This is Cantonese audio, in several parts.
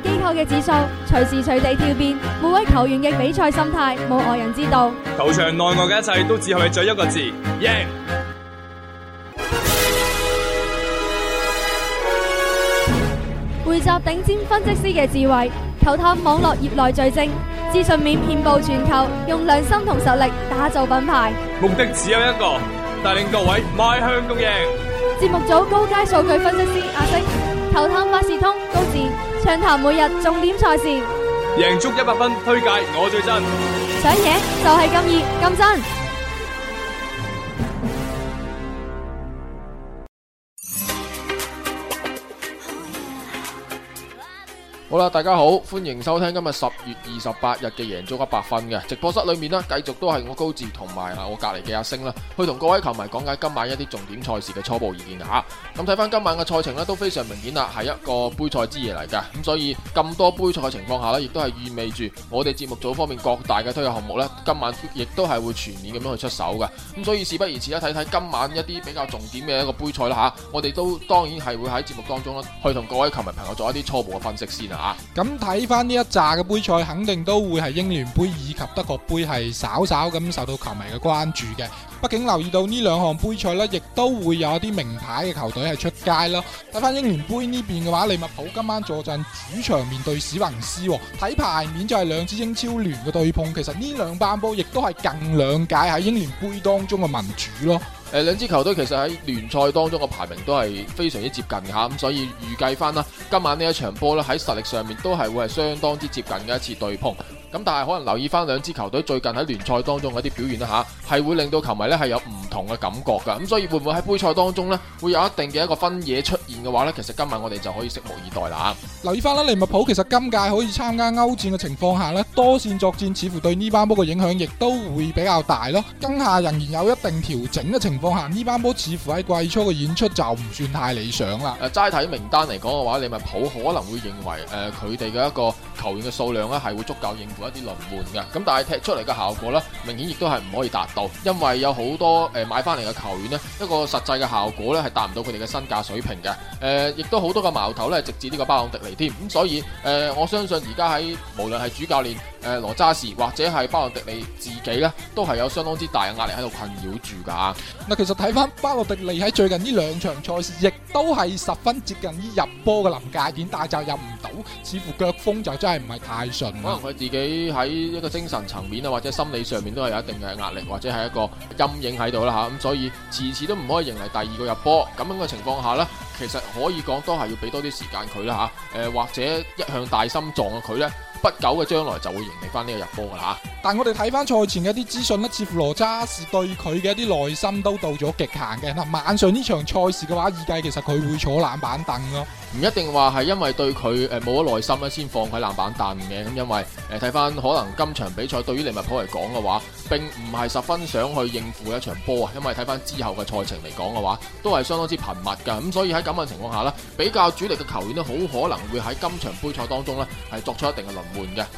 機構嘅指數隨時隨地跳變，每位球員嘅比賽心態冇外人知道。球場內外嘅一切都只係為咗一個字：贏。匯集頂尖分析師嘅智慧，球探網絡業內最精，資訊面遍布全球，用良心同實力打造品牌。目的只有一個，帶領各位邁向共贏。節目組高階數據分析師阿星，球探萬事通高智。暢談每日重點賽事，贏足一百分，推介我最真，想贏就係咁熱咁真。好啦，大家好，歡迎收聽今日十月二十八日嘅贏足一百分嘅直播室裏面呢，繼續都係我高志同埋嗱我隔籬嘅阿星啦，去同各位球迷講解今晚一啲重點賽事嘅初步意見嘅吓。咁睇翻今晚嘅賽程呢，都非常明顯啦，係一個杯賽之夜嚟嘅，咁所以咁多杯賽嘅情況下呢，亦都係意味住我哋節目組方面各大嘅推介項目呢，今晚亦都係會全面咁樣去出手嘅。咁所以事不宜遲啦，睇睇今晚一啲比較重點嘅一個杯賽啦吓，我哋都當然係會喺節目當中啦，去同各位球迷朋友做一啲初步嘅分析先啊。咁睇翻呢一紮嘅杯賽，肯定都會係英聯杯以及德國杯係稍稍咁受到球迷嘅關注嘅。畢竟留意到呢兩項杯賽呢，亦都會有一啲名牌嘅球隊係出街啦。睇翻英聯杯呢邊嘅話，利物浦今晚坐陣主場面對史云斯，睇排面就係兩支英超聯嘅對碰。其實呢兩班波亦都係近兩屆喺英聯杯當中嘅民主咯。誒，兩支球隊其實喺聯賽當中嘅排名都係非常之接近嘅吓，咁所以預計翻啦，今晚呢一場波咧，喺實力上面都係會係相當之接近嘅一次對碰。咁但係，可能留意翻兩支球隊最近喺聯賽當中嘅一啲表現啦吓，係會令到球迷咧係有唔同嘅感覺㗎。咁所以會唔會喺杯賽當中咧會有一定嘅一個分野出現嘅話咧，其實今晚我哋就可以拭目以待啦。留意翻啦，利物浦其實今屆可以參加歐戰嘅情況下，呢多線作戰似乎對呢班波嘅影響亦都會比較大咯。今夏仍然有一定調整嘅情況下，呢班波似乎喺季初嘅演出就唔算太理想啦。誒，齋睇名單嚟講嘅話，利物浦可能會認為佢哋嘅一個球員嘅數量呢係會足夠應付一啲輪換嘅。咁但係踢出嚟嘅效果呢，明顯亦都係唔可以達到，因為有好多誒、呃、買翻嚟嘅球員呢，一個實際嘅效果呢係達唔到佢哋嘅身價水平嘅。亦、呃、都好多嘅矛頭呢，直至呢個巴迪添咁，所以誒、呃，我相信而家喺無論係主教練誒羅渣士或者係巴洛迪利自己咧，都係有相當之大嘅壓力喺度困擾住噶。嗱，其實睇翻巴洛迪利喺最近呢兩場賽事，亦都係十分接近於入波嘅臨界點，但係就入唔到，似乎腳風就真係唔係太順。可能佢自己喺一個精神層面啊，或者心理上面都係有一定嘅壓力，或者係一個陰影喺度啦吓。咁、啊、所以遲遲都唔可以迎嚟第二個入波咁樣嘅情況下咧。其實可以講，都係要俾多啲時間佢啦嚇，誒或者一向大心臟嘅佢咧。不久嘅將來就會迎嚟翻呢個入波噶啦吓，但我哋睇翻賽前嘅一啲資訊呢，似乎羅渣士對佢嘅一啲耐心都到咗極限嘅。嗱，晚上呢場賽事嘅話，預計其實佢會坐冷板凳咯，唔一定話係因為對佢誒冇咗耐心咧，先放喺冷板凳嘅。咁因為誒睇翻可能今場比賽對於利物浦嚟講嘅話，並唔係十分想去應付一場波啊。因為睇翻之後嘅賽程嚟講嘅話，都係相當之頻密噶。咁所以喺咁嘅情況下呢，比較主力嘅球員都好可能會喺今場杯賽當中呢，係作出一定嘅輪。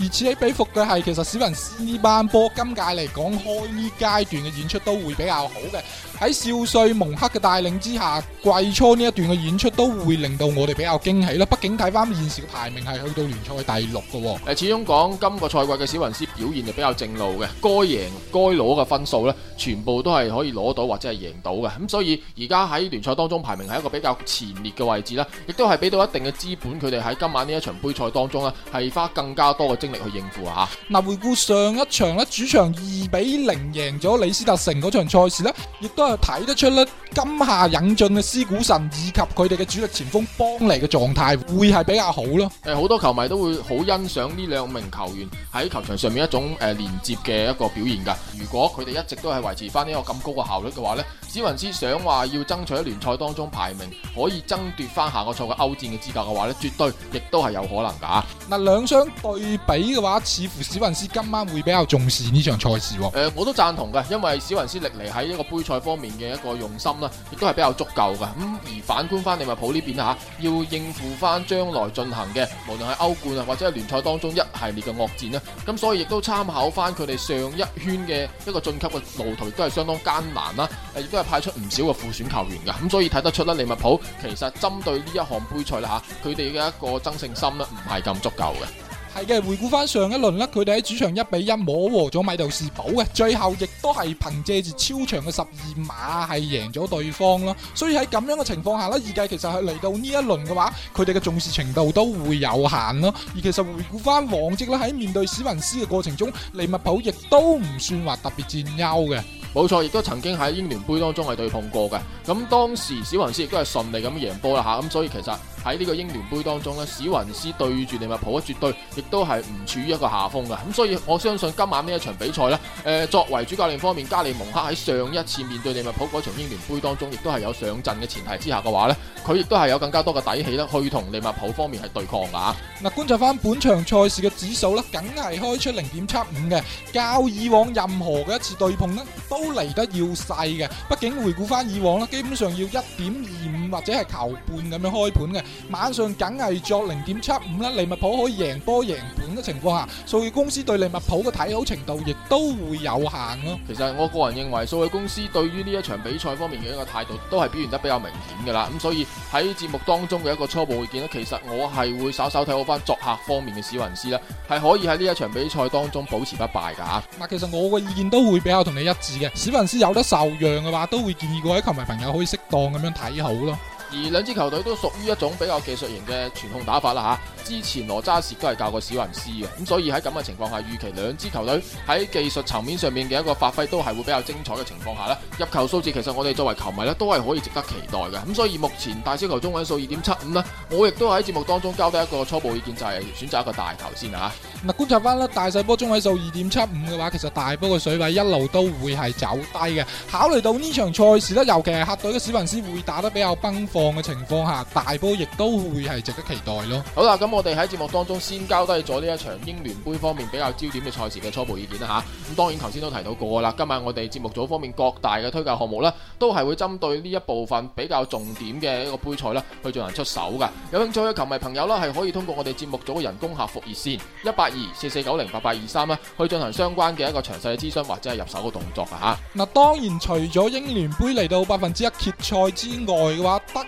而此起彼伏嘅係，其實小云絲呢班波，今屆嚟講，開呢階段嘅演出都會比較好嘅。喺少帥蒙克嘅帶領之下，季初呢一段嘅演出都會令到我哋比較驚喜啦。畢竟睇翻現時嘅排名係去到聯賽第六嘅。誒，始終講今個賽季嘅小雲師表現就比較正路嘅，該贏該攞嘅分數咧，全部都係可以攞到或者係贏到嘅。咁所以而家喺聯賽當中排名係一個比較前列嘅位置啦，亦都係俾到一定嘅資本，佢哋喺今晚呢一場杯賽當中咧係花更加多嘅精力去應付吓。嗱，回顧上一場咧，主場二比零贏咗李斯特城嗰場賽事咧，亦都。睇得出啦，今夏引進嘅斯古臣以及佢哋嘅主力前鋒邦尼嘅狀態會係比較好咯。誒、呃，好多球迷都會好欣賞呢兩名球員喺球場上面一種誒、呃、連接嘅一個表現噶。如果佢哋一直都係維持翻呢個咁高嘅效率嘅話呢，史雲斯想話要爭取喺聯賽當中排名，可以爭奪翻下個賽嘅歐戰嘅資格嘅話呢，絕對亦都係有可能噶、啊。嗱、呃，兩相對比嘅話，似乎史雲斯今晚會比較重視呢場賽事。誒、呃，我都贊同嘅，因為史雲斯歷嚟喺一個杯賽方面嘅一個用心啦，亦都係比較足夠噶。咁而反觀翻利物浦呢邊吓，要應付翻將來進行嘅，無論係歐冠啊或者係聯賽當中一系列嘅惡戰啦。咁所以亦都參考翻佢哋上一圈嘅一個晉級嘅路途都係相當艱難啦。亦都係派出唔少嘅副選球員噶。咁所以睇得出啦，利物浦其實針對呢一項杯賽啦吓，佢哋嘅一個爭勝心呢，唔係咁足夠嘅。係嘅，回顧翻上一輪呢，佢哋喺主場一比一摸和咗米杜士堡嘅，最後亦都係憑借住超長嘅十二碼係贏咗對方咯。所以喺咁樣嘅情況下呢，二界其實係嚟到呢一輪嘅話，佢哋嘅重視程度都會有限咯。而其實回顧翻往績呢，喺面對史雲斯嘅過程中，利物浦亦都唔算話特別佔優嘅。冇錯，亦都曾經喺英聯杯當中係對碰過嘅。咁當時史雲斯亦都係順利咁贏波啦吓，咁所以其實。喺呢個英聯杯當中咧，史雲斯對住利物浦，絕對亦都係唔處於一個下風嘅。咁所以我相信今晚呢一場比賽咧，誒，作為主教練方面，加利蒙克喺上一次面對利物浦嗰場英聯杯當中，亦都係有上陣嘅前提之下嘅話咧，佢亦都係有更加多嘅底氣咧去同利物浦方面係對抗嘅。嗱，觀察翻本場賽事嘅指數咧，梗係開出零點七五嘅，較以往任何嘅一次對碰咧都嚟得要細嘅。畢竟回顧翻以往咧，基本上要一點二五或者係球半咁樣開盤嘅。晚上梗係作零點七五啦，利物浦可以贏波贏盤嘅情況下，數據公司對利物浦嘅睇好程度亦都會有限囉。其實我個人認為，數據公司對於呢一場比賽方面嘅一個態度都係表現得比較明顯㗎喇。咁所以喺節目當中嘅一個初步見啦，其實我係會稍稍睇好翻作客方面嘅史雲斯啦，係可以喺呢一場比賽當中保持不敗㗎嚇。嗱，其實我嘅意見都會比較同你一致嘅，史雲斯有得受讓嘅話，都會建議各位球迷朋友可以適當咁樣睇好咯。而兩支球隊都屬於一種比較技術型嘅傳控打法啦嚇、啊，之前羅渣士都係教過史雲斯嘅，咁所以喺咁嘅情況下，預期兩支球隊喺技術層面上面嘅一個發揮都係會比較精彩嘅情況下咧，入球數字其實我哋作為球迷咧都係可以值得期待嘅，咁所以目前大小球中位數二點七五啦，我亦都喺節目當中交低一個初步意見就係、是、選擇一個大球先啦、啊、嗱觀察翻啦，大細波中位數二點七五嘅話，其實大波嘅水位一路都會係走低嘅，考慮到呢場賽事咧，尤其係客隊嘅史雲斯會打得比較崩，嘅情況下，大波亦都會係值得期待咯。好啦，咁我哋喺節目當中先交低咗呢一場英聯杯方面比較焦點嘅賽事嘅初步意見啦吓。咁、啊、當然頭先都提到過啦，今晚我哋節目組方面各大嘅推介項目呢，都係會針對呢一部分比較重點嘅一個杯賽呢去進行出手噶。有興趣嘅球迷朋友呢，係可以通過我哋節目組嘅人工客服熱線一八二四四九零八八二三啦，823, 去進行相關嘅一個詳細嘅諮詢或者係入手嘅動作噶吓。嗱、啊啊，當然除咗英聯杯嚟到百分之一決賽之外嘅話，得。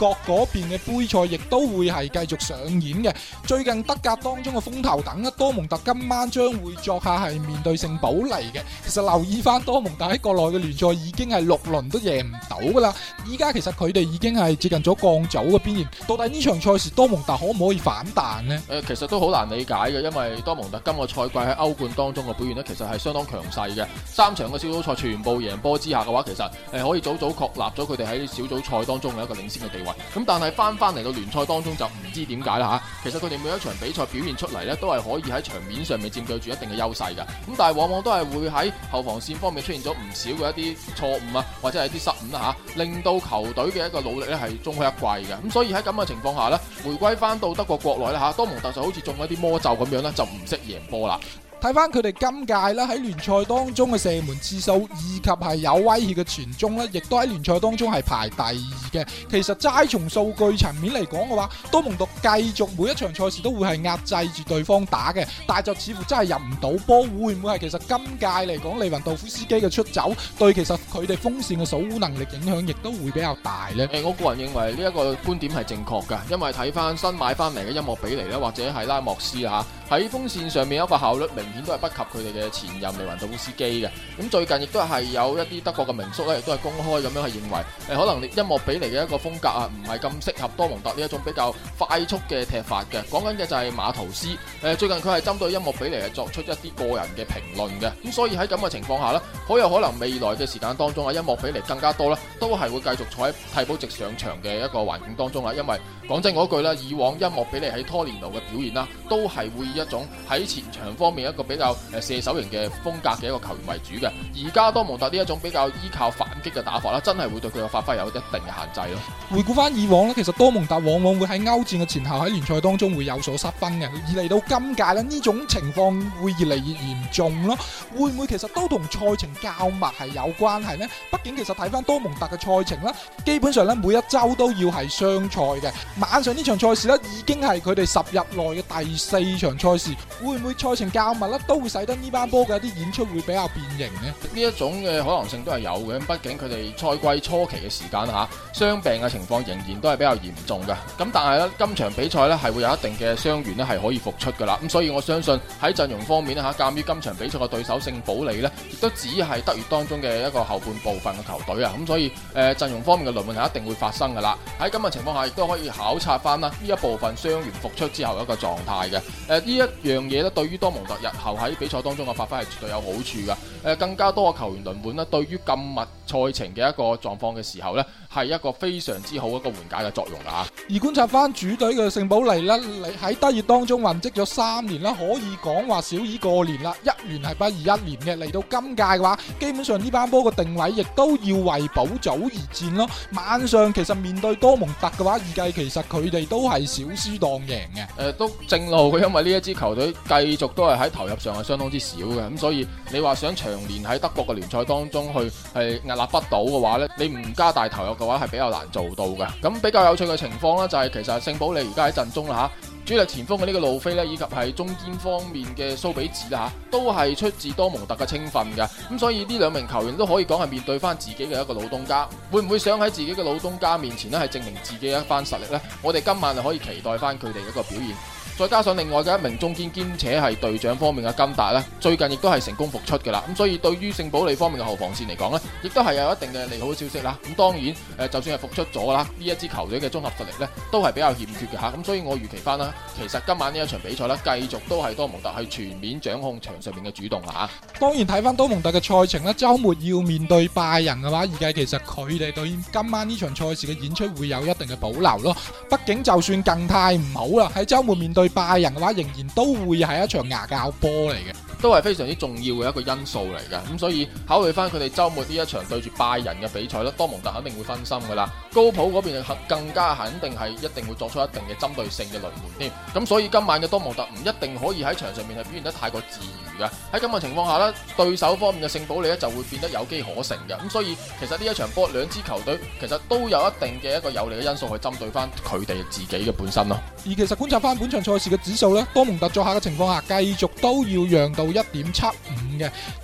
國嗰邊嘅杯賽亦都會係繼續上演嘅。最近德甲當中嘅風頭等啊，多蒙特今晚將會作客係面對聖保利嘅。其實留意返多蒙特喺國內嘅聯賽已經係六輪都贏唔到噶啦。依家其實佢哋已經係接近咗降組嘅邊緣。到底呢場賽事多蒙特可唔可以反彈呢？誒、呃，其實都好難理解嘅，因為多蒙特今個賽季喺歐冠當中嘅表現呢，其實係相當強勢嘅。三場嘅小組賽全部贏波之下嘅話，其實係、呃、可以早早確立咗佢哋喺小組賽當中嘅一個領先嘅地位。咁但係翻翻嚟到聯賽當中就唔知點解啦吓，其實佢哋每一場比賽表現出嚟呢都係可以喺場面上面佔據住一定嘅優勢嘅，咁但係往往都係會喺後防線方面出現咗唔少嘅一啲錯誤啊，或者係一啲失誤啦吓，令到球隊嘅一個努力呢係功虧一簣嘅，咁所以喺咁嘅情況下呢，回歸翻到德國國內呢吓，多蒙特就好似中咗啲魔咒咁樣呢就唔識贏波啦。睇翻佢哋今屆啦，喺聯賽當中嘅射門次數以及係有威脅嘅傳中呢亦都喺聯賽當中係排第二嘅。其實齋從數據層面嚟講嘅話，多蒙特繼續每一場賽事都會係壓制住對方打嘅，但係就似乎真係入唔到波。會唔會係其實今屆嚟講，利雲道夫斯基嘅出走，對其實佢哋鋒線嘅守烏能力影響亦都會比較大呢？欸、我個人認為呢一個觀點係正確噶，因為睇翻新買翻嚟嘅音樂比尼，咧，或者係拉莫斯啊。喺風扇上面一個效率明顯都係不及佢哋嘅前任利雲道夫斯基嘅。咁最近亦都係有一啲德國嘅名宿咧，亦都係公開咁樣去認為，誒可能音樂比尼嘅一個風格啊，唔係咁適合多蒙特呢一種比較快速嘅踢法嘅。講緊嘅就係馬圖斯，誒最近佢係針對音樂比尼係作出一啲個人嘅評論嘅。咁所以喺咁嘅情況下呢，好有可能未來嘅時間當中啊，音樂比尼更加多啦，都係會繼續坐喺替補席上場嘅一個環境當中啊。因為講真嗰句啦，以往音樂比尼喺拖連奴嘅表現啦，都係會一種喺前場方面一個比較誒射手型嘅風格嘅一個球員為主嘅，而家多蒙特呢一種比較依靠法，激嘅打法啦，真係會對佢嘅發揮有一定嘅限制咯。回顧翻以往咧，其實多蒙特往往會喺歐戰嘅前後喺聯賽當中會有所失分嘅。而嚟到今屆咧，呢種情況會越嚟越嚴重咯。會唔會其實都同賽程較密係有關係呢？畢竟其實睇翻多蒙特嘅賽程啦，基本上呢每一周都要係雙賽嘅。晚上呢場賽事呢已經係佢哋十日內嘅第四場賽事，會唔會賽程較密呢？都會使得呢班波嘅一啲演出會比較變形呢？呢一種嘅可能性都係有嘅，畢竟。佢哋賽季初期嘅時間吓，傷病嘅情況仍然都係比較嚴重嘅。咁但係咧，今場比賽咧係會有一定嘅傷員咧係可以復出噶啦。咁所以我相信喺陣容方面咧吓，鑒於今場比賽嘅對手聖保利咧，亦都只係德乙當中嘅一個後半部分嘅球隊啊。咁所以誒、呃、陣容方面嘅輪換係一定會發生噶啦。喺咁嘅情況下，亦都可以考察翻啦呢這一部分傷員復出之後一個狀態嘅。誒、呃、呢一樣嘢咧，對於多蒙特日後喺比賽當中嘅發揮係絕對有好處噶。誒，更加多嘅球員輪換啦，對於咁密賽程嘅一個狀況嘅時候咧。係一個非常之好一個緩解嘅作用啦、啊、而觀察翻主隊嘅聖保利啦，喺德乙當中混積咗三年啦，可以講話小二過年啦，一年係不如一年嘅。嚟到今屆嘅話，基本上呢班波嘅定位亦都要為保組而戰咯。晚上其實面對多蒙特嘅話，預計其實佢哋都係小輸當贏嘅。誒、呃，都正路嘅，因為呢一支球隊繼續都係喺投入上係相當之少嘅，咁所以你話想長年喺德國嘅聯賽當中去係屹立不倒嘅話咧，你唔加大投入，嘅話係比較難做到嘅，咁比較有趣嘅情況咧，就係其實聖保利而家喺陣中啦，吓。主力前鋒嘅呢個路飛呢，以及係中堅方面嘅蘇比子，啦吓，都係出自多蒙特嘅青訓嘅，咁所以呢兩名球員都可以講係面對翻自己嘅一個老東家，會唔會想喺自己嘅老東家面前呢係證明自己一番實力呢？我哋今晚就可以期待翻佢哋一個表現，再加上另外嘅一名中堅兼且係隊長方面嘅金達呢，最近亦都係成功復出噶啦，咁所以對於聖保利方面嘅後防線嚟講呢，亦都係有一定嘅利好消息啦。咁當然，誒就算係復出咗啦，呢一支球隊嘅綜合實力呢，都係比較欠缺嘅吓，咁所以我預期翻啦。其實今晚呢一場比賽咧，繼續都係多蒙特係全面掌控場上面嘅主動啦。吓、啊，當然睇翻多蒙特嘅賽程咧，周末要面對拜仁嘅話，而家其實佢哋對今晚呢場賽事嘅演出會有一定嘅保留咯。畢竟就算近態唔好啦，喺周末面對拜仁嘅話，仍然都會係一場牙教波嚟嘅，都係非常之重要嘅一個因素嚟嘅。咁、嗯、所以考慮翻佢哋周末呢一場對住拜仁嘅比賽，多蒙特肯定會分心噶啦。高普嗰邊更更加肯定係一定會作出一定嘅針對性嘅輪換。咁、嗯、所以今晚嘅多蒙特唔一定可以喺場上面係表現得太過自如嘅，喺咁嘅情況下呢，對手方面嘅聖保利咧，就會變得有機可乘嘅。咁所以其實呢一場波兩支球隊其實都有一定嘅一個有利嘅因素去針對翻佢哋自己嘅本身咯。而其實觀察翻本場賽事嘅指數呢，多蒙特作客嘅情況下繼續都要讓到一點七。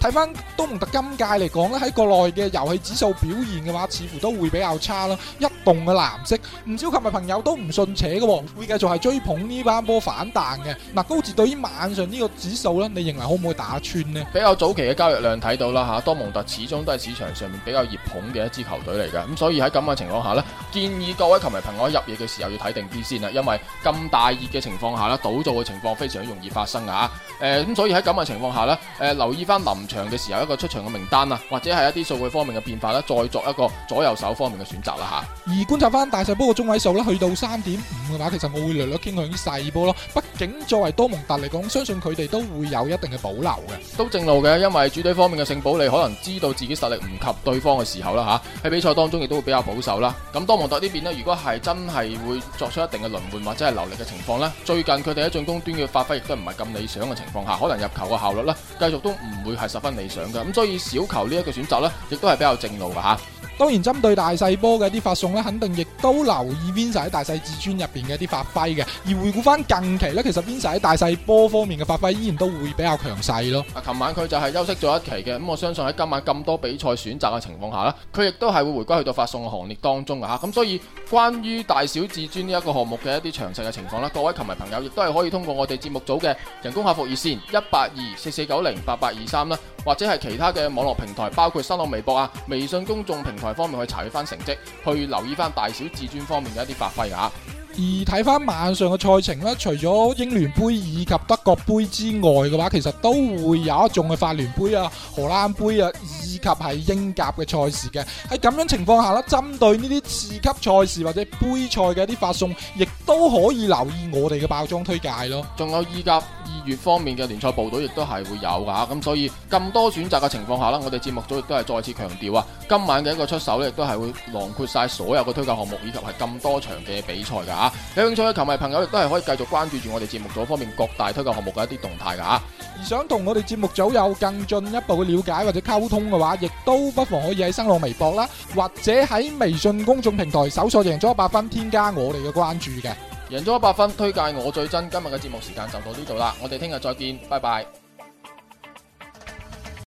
睇翻多蒙特今屆嚟講咧，喺國內嘅遊戲指數表現嘅話，似乎都會比較差咯。一動嘅藍色，唔少球迷朋友都唔信邪嘅，會繼續係追捧呢班波反彈嘅。嗱，高志對於晚上呢個指數咧，你認為可唔可以打穿呢？比較早期嘅交易量睇到啦吓，多、啊、蒙特始終都係市場上面比較熱捧嘅一支球隊嚟嘅。咁所以喺咁嘅情況下咧，建議各位球迷朋友入夜嘅時候要睇定啲先啦，因為咁大熱嘅情況下咧，倒灶嘅情況非常容易發生噶誒，咁、啊、所以喺咁嘅情況下咧，誒、啊、留意。翻臨場嘅時候一個出場嘅名單啊，或者係一啲數據方面嘅變化咧，再作一個左右手方面嘅選擇啦吓。而觀察翻大細波嘅中位數咧，去到三點五嘅話，其實我會略略傾向於細波咯。畢竟作為多蒙特嚟講，相信佢哋都會有一定嘅保留嘅。都正路嘅，因為主隊方面嘅聖保利可能知道自己實力唔及對方嘅時候啦吓。喺比賽當中亦都會比較保守啦。咁多蒙特呢邊呢，如果係真係會作出一定嘅輪換或者係留力嘅情況咧，最近佢哋喺進攻端嘅發揮亦都唔係咁理想嘅情況下，可能入球嘅效率咧，繼續都唔。唔會係十分理想嘅，咁所以小球呢一個選擇呢，亦都係比較正路嘅吓。當然，針對大細波嘅一啲發送呢，肯定亦都留意 Vinse 喺大細至尊入邊嘅一啲發揮嘅。而回顧翻近期呢，其實 Vinse 喺大細波方面嘅發揮依然都會比較強勢咯。啊，琴晚佢就係休息咗一期嘅，咁我相信喺今晚咁多比賽選擇嘅情況下呢，佢亦都係會回歸去到發送嘅行列當中嘅嚇。咁所以，關於大小至尊呢一個項目嘅一啲詳細嘅情況啦，各位球迷朋友亦都係可以通過我哋節目組嘅人工客服熱線一八二四四九零八八二三啦，或者係其他嘅網絡平台，包括新浪微博啊、微信公眾平台方面去查閱翻成績，去留意翻大小至尊方面嘅一啲發揮啊。而睇翻晚上嘅賽程咧，除咗英聯杯以及德國杯之外嘅話，其實都會有一種嘅法聯杯啊，荷蘭杯啊，以及係英甲嘅賽事嘅。喺咁樣情況下咧，針對呢啲次級賽事或者杯賽嘅一啲發送，亦都可以留意我哋嘅包裝推介咯。仲有意甲。粵方面嘅聯賽部隊亦都係會有噶，咁所以咁多選擇嘅情況下啦，我哋節目組亦都係再次強調啊，今晚嘅一個出手咧，亦都係會囊括晒所有嘅推介項目，以及係咁多場嘅比賽噶吓。有興趣嘅球迷朋友亦都係可以繼續關注住我哋節目組方面各大推介項目嘅一啲動態噶吓。而想同我哋節目組有更進一步嘅了解或者溝通嘅話，亦都不妨可以喺新浪微博啦，或者喺微信公眾平台搜索贏足一百分，添加我哋嘅關注嘅。贏咗一百分，推介我最真。今日嘅節目時間就到呢度啦，我哋聽日再見，拜拜。